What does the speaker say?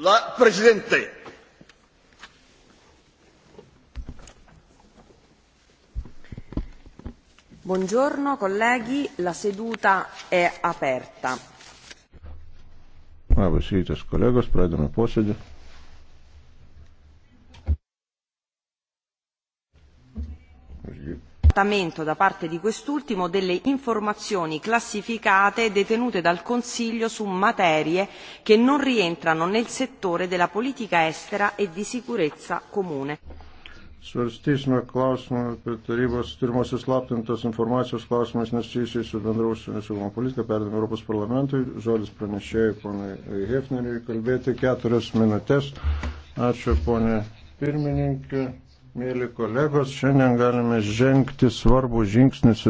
La Presidente. Buongiorno colleghi, la seduta è aperta. Labas rytas kolegos, pradedame posėdį. accertamento da parte di quest'ultimo delle informazioni classificate e detenute dal Consiglio su materie che non rientrano nel settore della politica estera e di sicurezza comune. Svarstysime klausimą apie tarybos turimosios slaptintos informacijos klausimais nesusijusiai su bendraus saugumo politika. Perdame Europos parlamentui. Žodis pranešėjai, ponai Hefneriui, kalbėti keturias minutės. Ačiū, ponė pirmininkė. Mėly kolegos, šiandien galime žengti svarbų žingsnį su